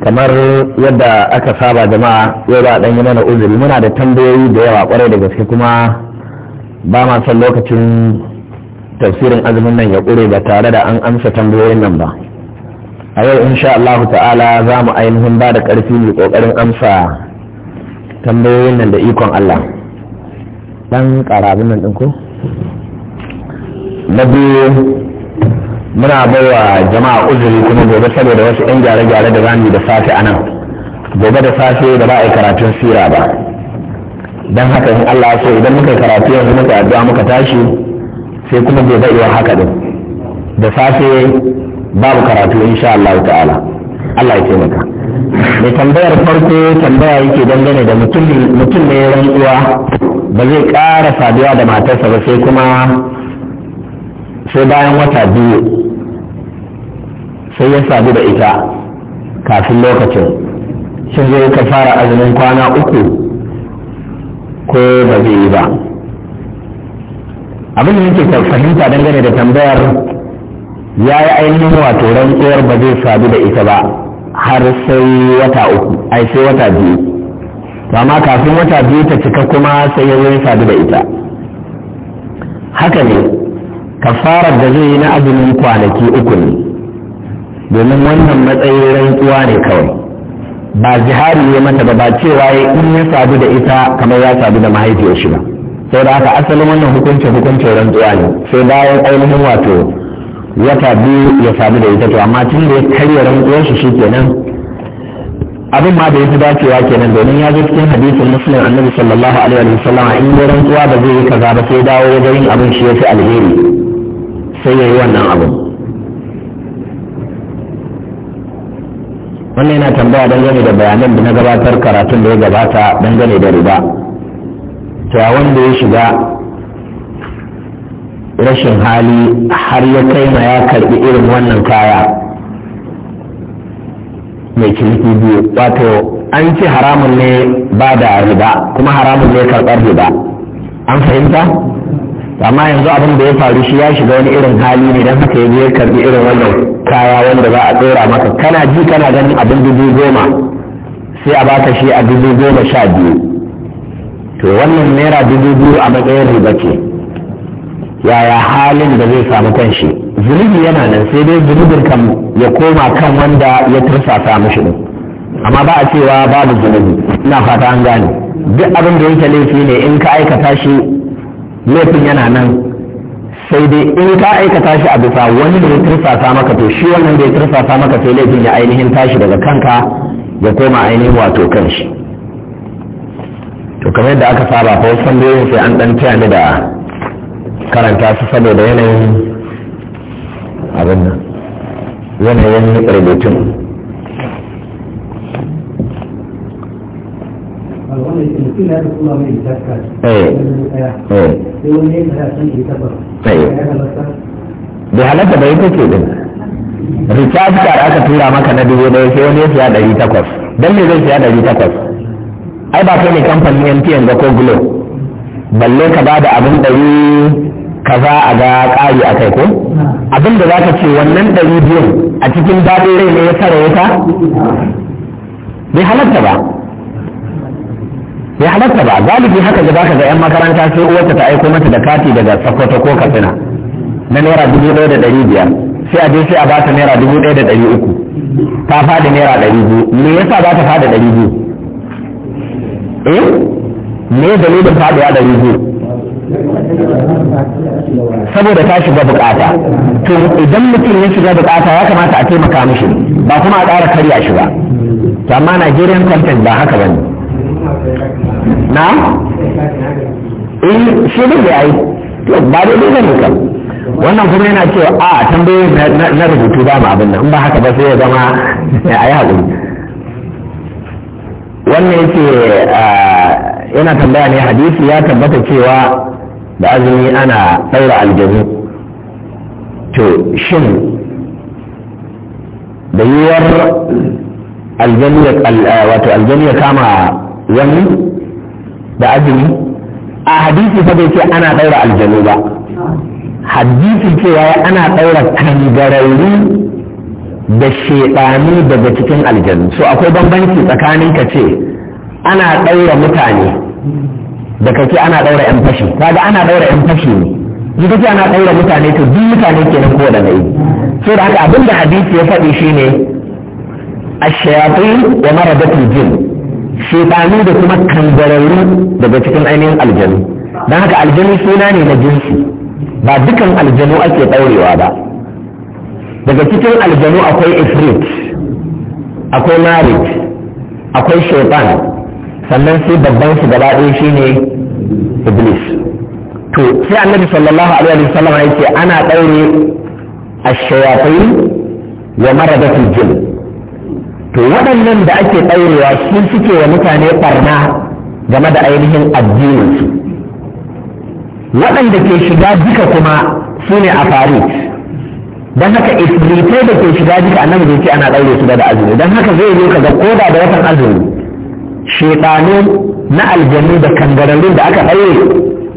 kamar yadda aka saba jama'a yau da ɗan yi mana uzuri muna da tambayoyi da yawa kwarai da gaske kuma ba ma son lokacin tafsirin azumin nan ya ƙure ba tare da an amsa tambayoyin nan ba a yau insha Allah ta'ala za mu ainihin ba da ƙarfi mai ƙoƙarin amsa tambayoyin nan da ikon Allah ɗan ƙarabin nan ɗin ko na biyu muna baiwa jama'a uzuri kuma gobe saboda wasu 'yan gyare-gyare da zamu da safe a nan gobe da safe da ba a yi karatun sira ba don haka in Allah so idan muka yi karatu yanzu muka addu'a muka tashi sai kuma gobe iya haka din da safe babu karatu insha Allah ta'ala Allah ya taimaka mai tambayar farko tambaya yake dangane da mutum ne uwa ba zai kara saduwa da matarsa ba sai kuma sai bayan wata biyu sai ya sadu da ita kafin lokacin shin zai ka fara azumin kwana uku ko ba zai yi ba abin da yake fahimta dangane da tambayar ya yi ainihin wato rantsuwar ba zai sadu da ita ba har sai wata uku ai sai wata biyu amma kafin wata biyu ta cika kuma sai ya zai sadu da ita haka ne kafarar da zai yi na azumin kwanaki uku ne domin wannan matsayin rantsuwa ne kawai ba zihari ya mata ba ba cewa ya in ya sadu da ita kamar ya sadu da mahaifiyar shi ba sau da haka asalin wannan hukuncin hukuncin rantsuwa ne sai bayan ainihin wato wata biyu ya sadu da ita to amma tun da ya karya rantsuwar shi kenan abin ma da ya fi dacewa kenan domin ya zo cikin hadisin muslim annabi sallallahu alaihi wa sallam in ya rantsuwa ba zai yi kaza ba sai dawo wajen yin abin shi ya fi alheri sai ya yi wannan abin wannan yana tambaya dangane da bayanan da na gabatar karatun da ya gabata dangane da riba ta wanda ya shiga rashin hali har ya kai ma ya karbi irin wannan kaya mai ciniki biyu wato an ce haramun ne ba da riba kuma haramun ne karɓar riba an fahimta amma yanzu abin da ya faru shi ya shiga wani irin hali ne don haka yanzu ya karbi irin wannan kaya wanda za a tsora maka kana ji kana ganin abin dubu goma sai a baka shi a dubu goma sha biyu to wannan naira dubu biyu a matsayin riba ce yaya halin da zai samu kan shi. zunubi yana nan sai dai zunubin kan ya koma kan wanda ya tursasa mishi ne amma ba a cewa babu zunubi ina fata an gane duk abin da yake laifi ne in ka aikata shi laifin yana nan sai dai in ka aikata shi a bisa wani da ya tursasa maka to shi wannan da ya tursasa maka sai laifin ya ainihin tashi daga kanka ya koma ainihin wato kan shi to kamar yadda aka saba fa wasu tambayoyin sai an dan taya ni da karanta su saboda yanayin abin nan yanayin rubutun bai halatta bai ce din recharge card aka tura maka na dubu ɗaya sai wani ya siya ɗari takwas don me zai siya ɗari takwas ai ba kai ne kamfanin mtn ga ko glo balle ka ba da abin ɗari kaza a ga ƙari a kai ko abin da za ka ce wannan ɗari biyun a cikin daɗin rai ne ya tara wuta bai halatta ba ya halatta ba galibi haka da baka ga yan makaranta sai uwarta ta aiko mata da kati daga Sokoto ko Katsina na naira dubu ɗaya da ɗari biyar sai a je sai a bata naira dubu ɗaya da ɗari uku ta fada naira ɗari biyu me yasa ba ta fada ɗari biyu eh me dalilin faɗuwa ɗari biyu saboda ta shiga bukata to idan mutum ya shiga bukata ya kamata a taimaka mishi ba kuma a ƙara karya shi ba to amma Nigerian content ba haka ba ne. na eh shi ne da ai to ba dai dai ne kan wannan kuma yana cewa a tambaye na rubutu ba ma abin nan in ba haka ba sai ya zama eh, a ayi hakuri wannan ya ce yana tambaya ne hadisi ya tabbata cewa da azumi ana ɗaura aljanu to shin da yiwuwar aljanu ya eh, kama wani da azumi a hadisi fa bai ce ana daura aljanu ba hadisi yayi ana daura kangararru da shedani daga cikin aljanu so akwai bambanci tsakanin ka ce ana daura mutane da kake ana daura yan fashi kaga ana daura yan fashi ne ji kake ana daura mutane to duk mutane kenan ko da nayi so da haka abinda hadisi ya faɗi shine wa ومرضة الجن shaitanu da kuma kanzararru daga cikin ainihin aljanu don haka aljanu suna ne na jinsi ba dukan aljanu ake ɗaurewa ba daga cikin aljanu akwai ifrit akwai marit akwai shaitan sannan sai babban su gaba ɗaya shine iblis to sai annabi sallallahu alaihi wasallam ya ce ana ɗaure ashayatai wa maradatul jinn to waɗannan da ake ɗaurewa su suke wa mutane ɓarna game da ainihin addininsu waɗanda ke shiga duka kuma su ne a fari. don haka ifritai da ke shiga duka annabi bai ce ana ɗaure su da azumi don haka zai zo kaga koda da watan azumi shekanu na aljanu da kangararrun da aka ɗaure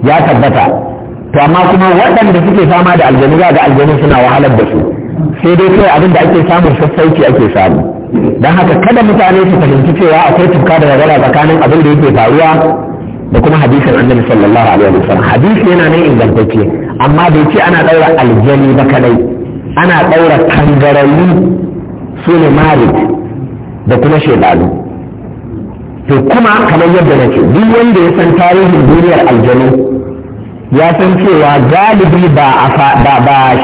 ya tabbata to amma kuma waɗanda suke fama da aljanu za ga aljanu suna wahalar da su sai dai kawai abin da ake samun sassauci ake samu don haka kada mutane su fahimci cewa akwai tuka da ragara tsakanin abin da yake faruwa da kuma hadisin annabi sallallahu alaihi wasallam hadisi yana nan ingantacce amma bai ce ana daura aljani ba kadai ana daura kangararru su ne marid da kuma shedalu to kuma kamar yadda nake duk wanda ya san tarihin duniyar aljanu ya san cewa galibi ba ba ba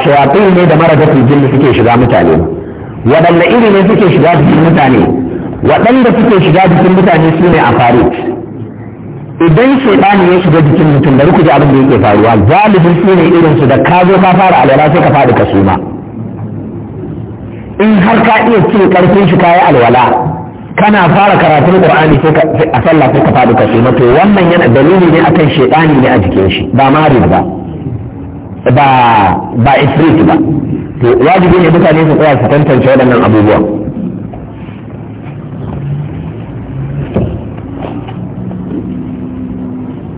ne da mara jinni suke shiga mutane ba waɗanda iri ne suke shiga jikin mutane waɗanda suke shiga jikin mutane su ne a faru idan shaidani ya shiga jikin mutum da ku abin da yake faruwa galibin su ne irinsu da ka zo ka fara alwala sai ka faɗi ka suma in har ka iya cin karfin shi kayi alwala kana fara karatun qur'ani sai a sallah sai ka faɗi ka suma, to wannan yana dalili ne akan shedani ne a jikin shi ba marid ba ba ba ifrit ba to wajibi ne mutane su tsaya su tantance waɗannan abubuwa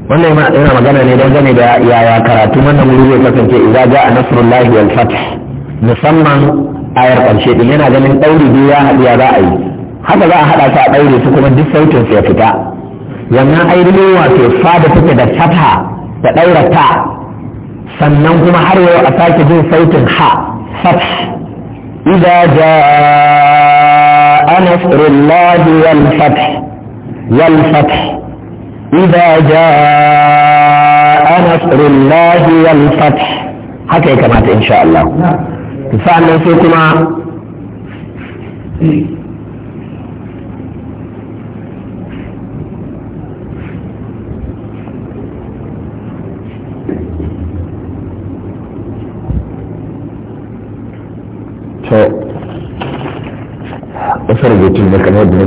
wannan yana magana ne don gane da yaya karatu wannan wuri zai kasance idza ja'a nasrullahi wal fath musamman ayar ƙarshe din yana ganin ɗauri biyu ya haɗu ya za a yi haka za a haɗa su a ɗaure su kuma duk sautin su ya fita wannan ainihin wato fada take da fata da ɗaura ta sannan kuma har yau a sake jin sautin ha فتح إذا جاء نصر الله والفتح والفتح إذا جاء نصر الله والفتح حكي كما إن شاء الله نعم. فعلا فيكما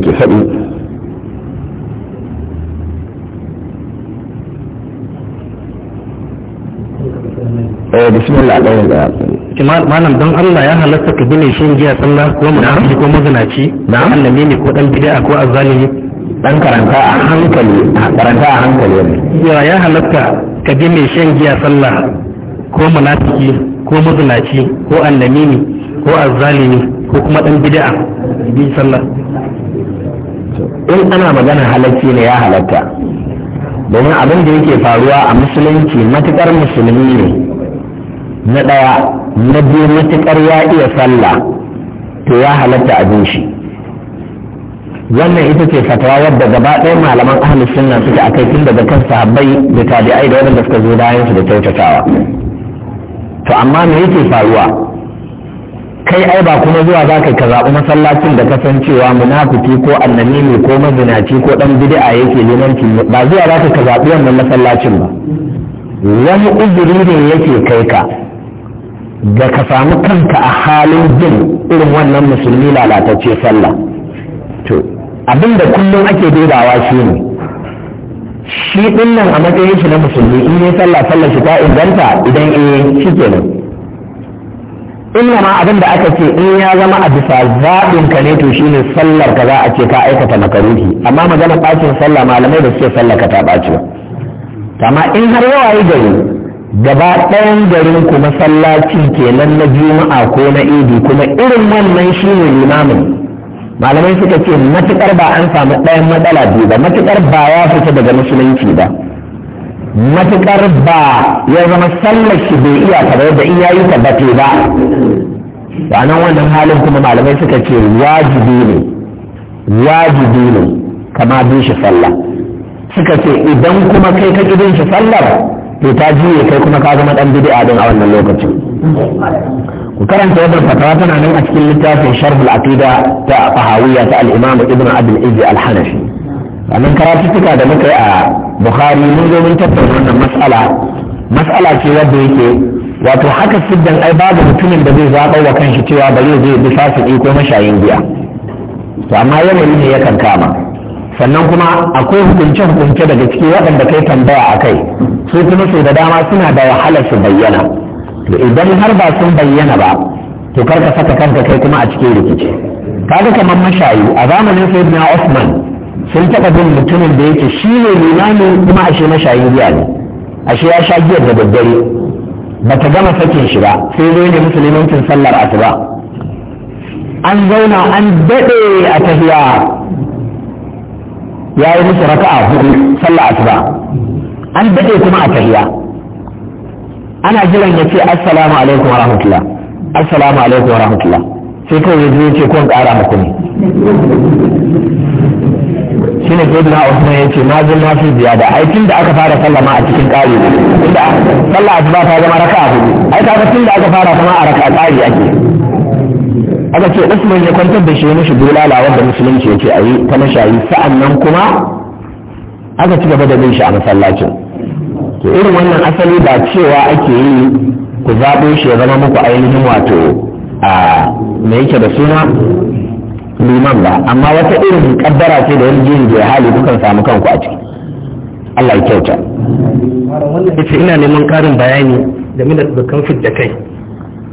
ke faɗi eh, bismillah ɗaya da malam don Allah ya halatta ka bi ne shan giya sallah ko munafiki ko mazinaci na annami ne ko dan bid'a ko azzalimi dan karanta a hankali karanta a hankali ne ya ya halatta ka bi ne shan giya sallah ko munafiki ko mazinaci ko annami ko azzalimi ko kuma dan bid'a bi sallah in ana magana halarci ne ya halatta domin abin da yake faruwa a musulunci matukar musulmi ne na ɗaya na biyu matukar ya iya sallah to ya halatta abin shi wannan ita ce fatawa yadda gaba ɗaya malaman ahalus sunna suke a kai tun daga kan sahabbai da tabi'ai da waɗanda suka zo bayan su da kyautatawa to amma me yake faruwa kai ai ba kuma zuwa za ka ka zaɓi masallacin da cewa munafiki ko annabi ne ko mazinaci ko ɗan bid'a yake neman ki ba zuwa za ka ka zaɓi wannan masallacin ba wani uzuri ne yake kai ka da ka samu kanka a halin jin irin wannan musulmi lalatacce sallah to abin da kullum ake dubawa shi ne shi ɗin a matsayin shi na musulmi in yi sallah sallah shi ta inganta idan eh shi kenan inna ma abin da aka ce in ya zama a bisa zaɓin ka ne to shine sallar ka za a ce ka aikata makaruhi amma maganar ɓacin sallah malamai da suke sallar ka ta ɓaci ba amma in har yawa yi gari gaba ɗayan garin ku masallacin kenan na juma'a ko na idi kuma irin wannan shine limamin malamai suka ce matuƙar ba an samu ɗayan matsala biyu ba matukar ba ya fita daga musulunci ba matuƙar ba ya zama sallar shi bai iya ta ba yadda in yayi ta ba ba ranar wannan halin kuma malamai suka ce wajibi ne wajibi ne kama bin shi sallah suka ce idan kuma kai ka bin shi sallar to ta juye kai kuma ka zama dan bid'a din a wannan lokacin ku karanta wannan fatawa tana nan a cikin littafin sharh al-aqida ta fahawiya ta al-imam ibn abd al-izzi al-hanafi a nan karatuttuka da muka yi a bukhari mun zo mun tattauna wannan mas'ala mas'ala ce wadda yake wato haka siddan ai babu mutumin da zai zaɓa wa kanshi cewa ba zai bi fasiki ko mashayin giya to amma yanayi ne yakan kama sannan kuma akwai hukunce-hukunce daga ciki waɗanda kai tambaya a kai su kuma sau da dama suna da wahala su bayyana to idan har ba sun bayyana ba to karka saka kanka kai kuma a cikin rikici kaga kamar mashayi a zamanin sayyidina Usman sun taɓa bin mutumin da yake shi ne limamin kuma ashe mashayin giya ne ashe ya sha giyar da daddare ba ta gama sakin shi ba sai zo ne musulmancin sallar asuba an zauna an daɗe a tafiya ya yi musu raka'a hudu sallar asuba an daɗe kuma a tafiya ana jiran ya ce assalamu alaikum wa rahmatullah assalamu alaikum wa rahmatullah sai kawai ya zo ya ce kun ƙara muku ne shine sayyidina Usman yace ma zan na fi ziyada ai da aka fara sallama a cikin kare tunda sallah asuba ta zama raka raka'a hudu ai ta ga da aka fara kuma a raka'a kare ake aka ce Usman ya kwantar da shi mishi bulala wanda musulunci yake ayi ta mashayi sa'annan kuma aka ci gaba da bin shi a masallacin to irin wannan asali ba cewa ake yi ku zaɓo shi ya zama muku ainihin wato a me yake da suna liman ba amma wata irin kaddara ce da yin hali kukan samu kanku a ciki Allah ya kyauta wannan yace ina neman karin bayani game da kan fidda kai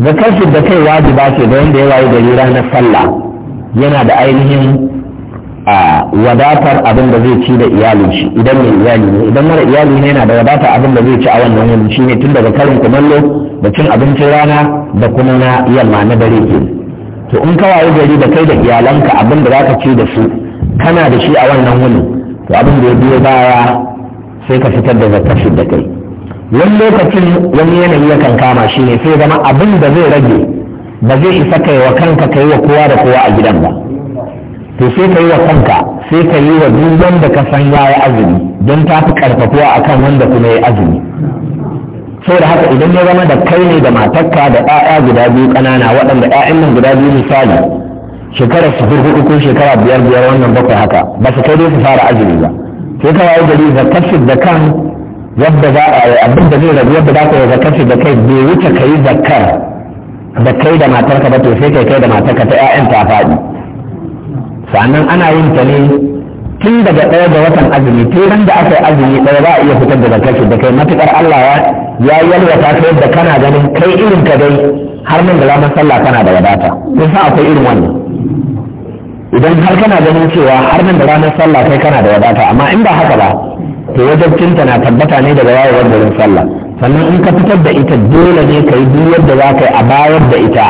kan fidda kai wajiba ce da wanda ya wayi gari ranar sallah yana da ainihin a wadatar abin da zai ci da iyalin shi idan mai iyali ne idan mara iyali ne yana da wadatar abin da zai ci a wannan wani shine tun daga karin kumallo da cin abincin rana da kuma na yamma na dare ke to in ka wayi gari da kai da iyalanka abin da ka ci da su kana da shi a wannan wuni to abin da ya biyo baya sai ka fitar da zakar shi da kai wani lokacin wani yanayi ya kan kama shi ne sai zama abin da zai rage ba zai isa kai wa kanka kai wa kowa da kowa a gidan ba to sai ka yi wa kanka sai ka yi wa duk wanda ka san ya yi azumi don ta fi karfafuwa akan wanda kuma ya yi azumi saboda haka idan ya zama da kai ne da matarka da 'ya'ya guda biyu ƙanana waɗanda 'ya'yan nan guda biyu misali shekara su hudu ko shekara biyar biyar wannan bakwai haka ba su kai dai su fara azumi ba sai ka wayi gari zakat da kan yadda za a yi abin da zai rabu yadda za ka yi zakat da kai bai wuce ka yi zakar da kai da matarka ba to sai kai kai da matarka ta 'ya'yan ta faɗi sannan ana yin ta ne tun daga ɗaya ga watan azumi tun da aka yi azumi ɗaya za a iya fitar da zakar da kai matukar Allah ya ya yalwata ta yadda kana ganin kai irin ka dai har nan da ranar sallah kana da wadata kun san akwai irin wannan idan har kana ganin cewa har nan da ranar sallah kai kana da wadata amma in ba haka ba to wajabcinta na tabbata ne daga wayewar garin sallah sannan in ka fitar da ita dole ne ka yi duk yadda za ka yi a bayar da ita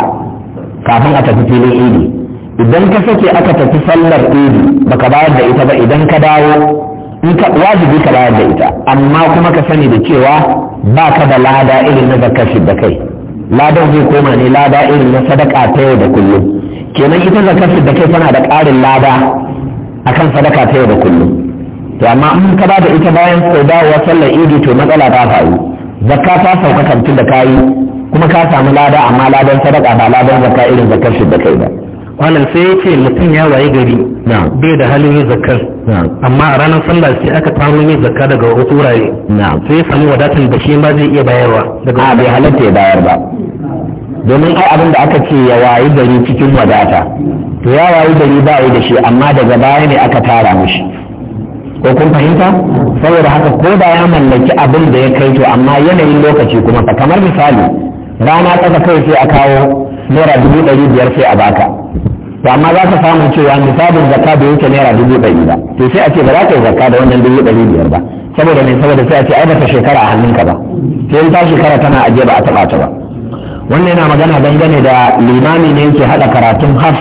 kafin a tafi filin idi idan ka sake aka tafi sallar idi baka bayar da ita ba idan ka dawo wajibi ka bayar da ita amma kuma ka sani da cewa ba ka da lada irin na zakar da kai ladan zai koma ne lada irin na sadaka ta yau da kullum kenan ita zakar da kai tana da ƙarin lada akan sadaka ta yau da kullum to amma in ka ba da ita bayan sau dawowa sallar idi to matsala ta faru zakka ta sauka kantin da kayi kuma ka samu lada amma ladan sadaka ba ladan zakka irin zakar da kai ba wannan sai ya ce mutum ya waye gari bai da halin yin zakar amma a ranar sallah sai aka taro yin zakka daga wasu wurare sai ya samu wadatar da shi ma zai iya bayarwa a bai halatta ya bayar ba domin ai abin da aka ce ya wayi gari cikin wadata to ya wayi gari ba yi da shi amma daga baya ne aka tara mushi ko kun fahimta saboda haka ko da ya mallaki abin da ya kai to amma yanayin lokaci kuma fa kamar misali rana tsaka kai sai a kawo naira dubu ɗari biyar sai a baka to amma za ka samu cewa misalin zakka da yake naira dubu ɗari ba to sai a ce ba za ka yi zakka da wannan dubu ɗari biyar ba saboda mai saboda sai a ce ai baka shekara a hannunka ba sai ta shekara tana ajiye ba a taɓa ta ba wannan yana magana dangane da limami ne yake haɗa karatun haf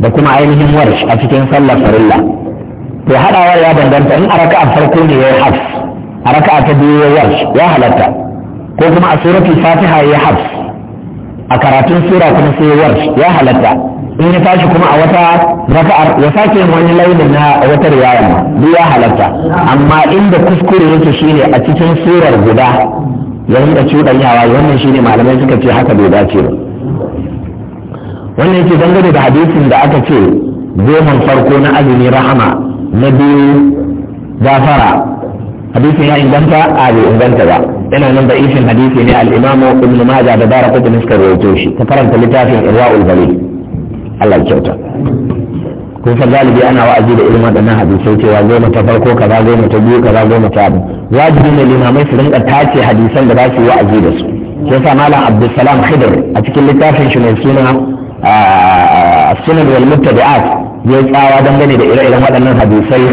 da kuma ainihin warsh a cikin sallar farilla to haɗawar ya danganta in a raka'a farko ne ya yi haf a raka'a ta biyu ya warsh ya halatta ko kuma a suratul fatiha ya yi haf a karatun sura kuma sai war ya halatta in ya tashi kuma a wata raka'ar ya sake wani launi na wata riwaya duk ya halatta amma inda kuskure yake shine a cikin surar guda ya rinka cuɗanyawa wannan shine malamai suka ce haka bai dace ba wannan yake dangane da hadisin da aka ce goman farko na azumi rahama na biyu gafara hadisin ya inganta a bai inganta ba yana nan da ishin hadisi ne al-imam ibn majah da dara kudin suka rawaito shi ta karanta littafin irwaul bali Allah kyauta kun san galibi ana wa'azi da irin waɗannan hadisai cewa goma ta farko kaza goma ta biyu kaza goma ta abu wajibi ne limamai su rinka tace hadisan da za su yi wa'azi da su sai sa malam abdulsalam khidr a cikin littafin shi mai suna sunan wal muttabi'at ya tsawa dangane da ire-iren waɗannan hadisai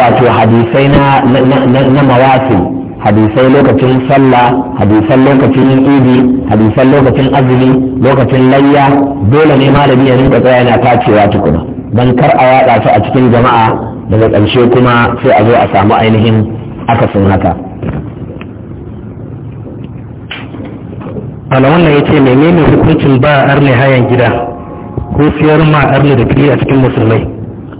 wato hadisai na na mawasi hadisai lokacin sallah hadisan lokacin yin idi hadisan lokacin azumi lokacin layya dole ne malami ya rinka tsaya yana tacewa tukuna don kar a yada su a cikin jama'a daga ƙarshe kuma sai a zo a samu ainihin akasin haka ala wannan ya ce menene hukuncin ba arne hayan gida ko siyar ma arne da fili a cikin musulmai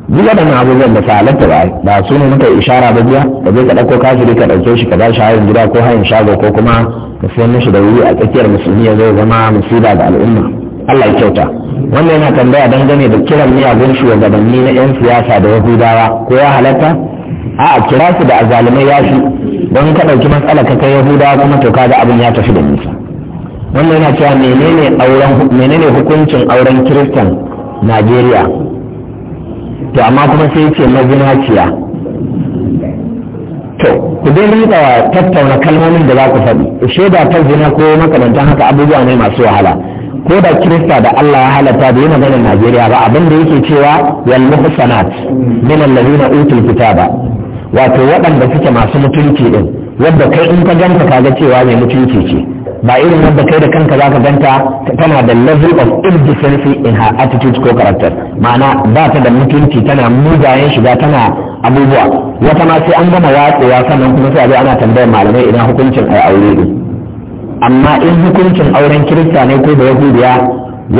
duk waɗannan abubuwan da halatta ba ba su ne muka ishara ba biya da zai ka dauko kafiri ka ɗauke shi ka ba shi hayan gida ko hayan shago ko kuma ka siyan mishi da wuri a tsakiyar musulmi ya zai zama musiba ga al'umma Allah ya kyauta wannan yana tambaya dangane da kiran miyagun shugabanni na 'yan siyasa da yahudawa ko ya halatta a a kira su da azalumai ya fi don ka ɗauki matsala ka kai yahudawa kuma to kaga abin ya tafi da nisa wannan yana cewa menene auren hukuncin auren kiristan Najeriya to amma kuma sai ce mazinaciya to ku dai a tattauna kalmomin da za ku faɗi shaida ta zina ko makarantar haka abubuwa ne masu wahala ko da kirista da Allah ya halatta da yi maganin Najeriya ba abin da yake cewa wal muhsanat min allazina utul kitaba wato waɗanda suke masu mutunci din wadda kai in ka ganta ka ga cewa mai mutunci ce ba irin wadda kai da kanka za ka ganta tana da level of indecency in her attitude ko character ma'ana ba ta da mutunci tana mugayen shiga tana abubuwa wata ma sai an gama watsewa sannan kuma sai a ana tambayar malamai idan hukuncin ai aure ne amma in hukuncin auren kirista ne ko da yahudiya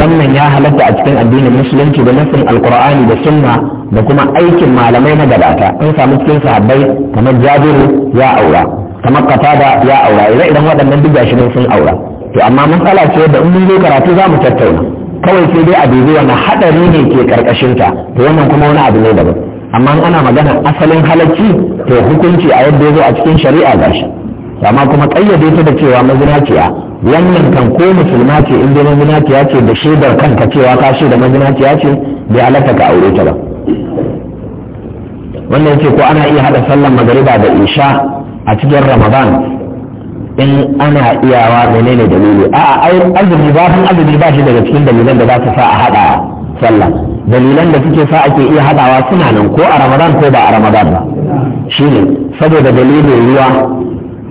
wannan ya halatta a cikin addinin musulunci da nassin alkur'ani da sunna da kuma aikin malamai na gabata an samu cikin sahabbai kamar jabiru ya aura kamar da ya aura ire idan waɗannan duk gashi sun aura to amma matsala ce da in mun zo karatu za mu tattauna kawai sai dai a dubi wannan haɗari ne ke karkashin ta to wannan kuma wani abu ne daban amma ana magana asalin halacci to hukunci a yadda ya zo a cikin shari'a gashi amma kuma kayyade ta da cewa mazinaciya wannan kan ko musulma ce in dai mazinaciya ce da shaidar kanka cewa ka shaida mazinaciya ce bai alaka ka aure ta ba wannan ce ko ana iya haɗa sallan magariba da isha a cikin ramadan in ana iyawa menene dalili a azumi zafin azumi ba shi daga cikin dalilan da za su sa a hada sallah dalilan da suke sa ake iya hadawa suna nan ko a ramadan ko ba a ramadan ba shine saboda dalilin ruwa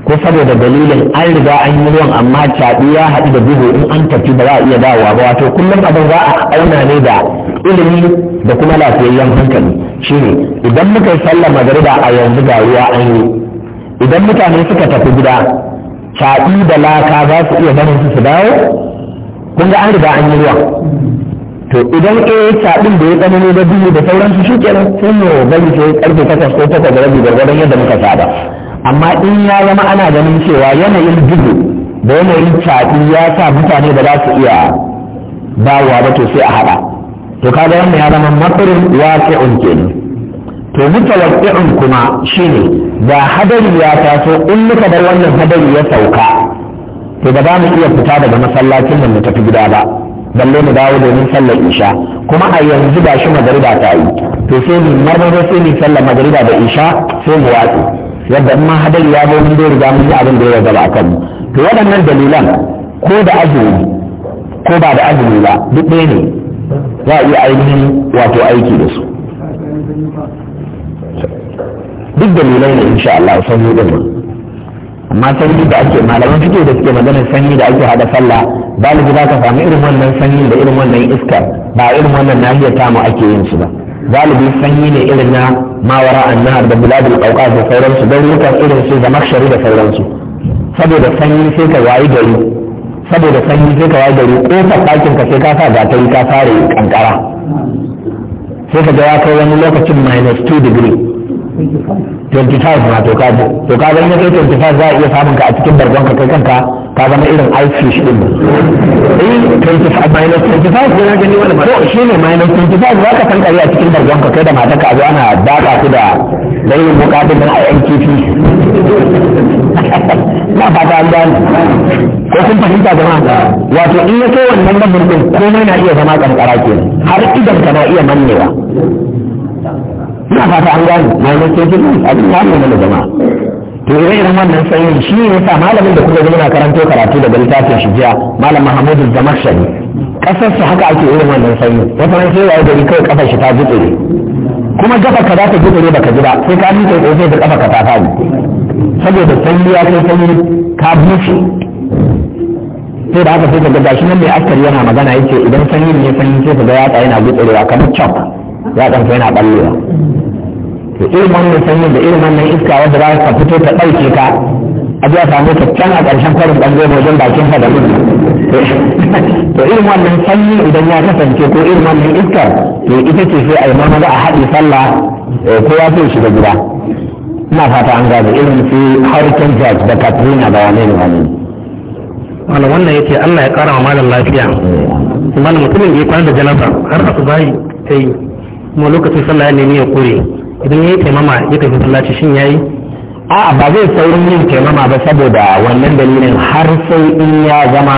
ko saboda dalilin an riga an yi ruwan amma caɗi ya haɗu da bugu in an tafi ba za a iya dawowa ba wato kullum abin za a auna ne da ilimi da kuma lafiyayyen hankali shine idan muka yi sallah magariba a yanzu ga ruwa an yi idan mutane suka tafi gida caɗi da laka za su iya barin su su dawo kun ga an riga an yi ruwa to idan eh caɗin da ya tsanani da biyu da sauransu shi kenan sun yi bari sai karfe takwas ko takwas da rabi gwargwadon yadda muka saba amma in ya zama ana ganin cewa yanayin duhu da yanayin caɗi ya sa mutane da za su iya dawowa ba to sai a haɗa to kaga wannan ya zama mafirin wasi'un kenan to mutawaqqi'un kuma shine da hadari ya taso in muka bar wannan hadari ya sauka to ba za mu iya fita daga masallacin nan mu tafi gida ba balle mu dawo domin sallar isha kuma a yanzu ba shi magariba ta yi to sai mu marmaro sai mu sallar magariba da isha sai mu watsi yadda in ma hadari ya zo mun dai riga mun yi abin da ya gaba a kanmu to waɗannan dalilan ko da azumi ko ba da azumi ba duk ɗaya ne za a iya ainihin wato aiki da su duk dalilai ne insha Allah sanyi din ma amma sanyi da ake malaman fito da suke maganar sanyi da ake hada sallah galibi za ka samu irin wannan sanyi da irin wannan iska ba irin wannan nahiyar tamu ake yin shi ba galibi sanyi ne irin na mawara annahar da buladul qauqa da sauransu don rukan irin su da makshari da sauransu saboda sanyi sai ka wayi gari saboda sanyi sai ka wayi gari kofar ɗakin ka sai ka sa gatari ka fara kankara sai ka ga ya kai wani lokacin minus 2 degree 25 ma to ka ji to ka ga in kai 25 za a iya samun ka a cikin bargon ka kai kanka ka zama irin ice fish din eh 25 minus 25 yana gani wani to ne minus 25 za ka san kare a cikin bargon ka kai da matar ka a zo ana daka ku da dai bukatun nan a yan kifi na ba ta an gani ko kun fahimta jama'a wato in ya kai wannan lamarin komai na iya zama kankara ke har idan ka na iya mannewa ina fata an gane na ne ke jin abin ya nuna da jama'a to ire iren wannan sanyin shi ne yasa malamin da kuka muna karanto karatu daga littafin shi jiya malam Muhammadu Zamakhshari kasar su haka ake irin wannan sanyi wata ran sai waye gari kai kafar shi ta gutsure kuma gafar ka za ta gutsure baka ji ba sai ka miƙe tsofe da kafa ka ta fadi saboda sanyi ya kai sanyi ka bushe sai da haka sai ka ga nan mai askari yana magana yace idan sanyi ne sanyi sai ka ga yatsa yana gutsurewa kamar chop yatsan sai yana ballewa to irin wannan sanyin da irin wannan iska wanda za ka fito ta ɗauke ka a ji a samu ta can a ƙarshen kwarin ɗan zai wajen bakin ka da mutu to irin wannan sanyi idan ya kasance ko irin wannan iska to ita ce sai a yi mamaza a haɗe sallah eh, ko ya fi shiga gida ina fata an gane irin su hurricane george da katrina da wane ne Wannan wannan yake allah ya ƙara wa malam lafiya malam mutumin da ya kwana da janaba har asubahi ta yi kuma lokacin sallah ya nemi ya kure idan ya yi taimama ya tafi sallaci shin ya yi a'a ba zai saurin yin taimama ba saboda wannan dalilin har sai in ya zama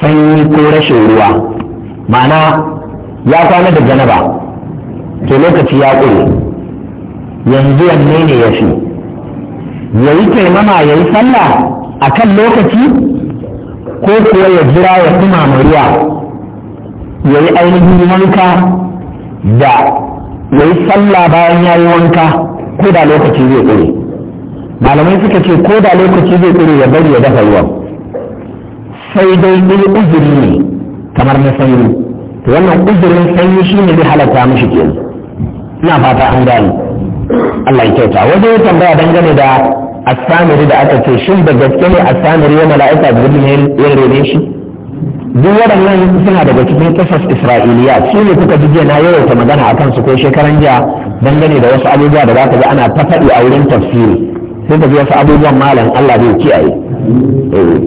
sanyi ko rashin ruwa ma'ana ya kwana da janaba to lokaci ya ƙure yanzu wanne ne ya fi ya yi taimama ya yi sallah a kan lokaci ko kuwa ya jira ya kuma ruwa ya yi ainihin wanka da ya yi sallah bayan ya yi wanka ko da lokaci zai tsire. malamai suka ce ko da lokaci zai tsire ya bari ya dafa ruwan sai dai ni uzuri ne kamar na sanyi to wannan uzurin sanyi shi ne zai halatta mashi ke ina fata an gane Allah ya kyauta wajen ya tambaya dangane da asamiri da aka ce shin da gaske ne asamiri ya mala'ika jibril ne ya rene shi duk waɗannan suna daga cikin kasas isra'iliya su ne kuka ji na yawaita magana a kansu ko shekaran jiya dangane da wasu abubuwa da za ka ji ana ta faɗi a wurin tafsiri sai ka ji wasu abubuwan malam allah bai kiyaye eh.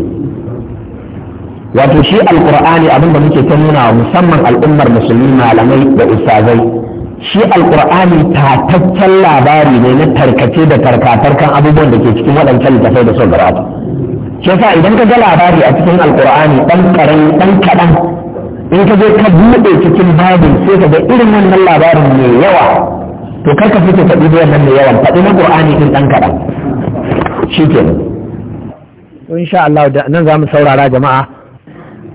wato shi alkur'ani abinda muke ta nuna musamman al'ummar musulmi malamai da ustazai shi alkur'ani tataccen labari ne na tarkace da tarkatarkan abubuwan da ke cikin waɗancan littafai da sun gabata shi yasa idan ka ga labari a cikin alkur'ani dan karan dan kadan in ka je ka buɗe cikin babin sai ka ga irin wannan labarin mai yawa to kar ka fito ka ɗibo wannan mai yawan faɗi na qur'ani din dan kadan shi ke insha Allah nan za mu saurara jama'a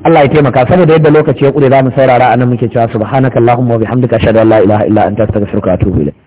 Allah ya taimaka saboda yadda lokaci ya kure za mu saurara anan muke cewa subhanakallahumma wa bihamdika ashhadu an la ilaha illa anta astaghfiruka wa atubu ilayk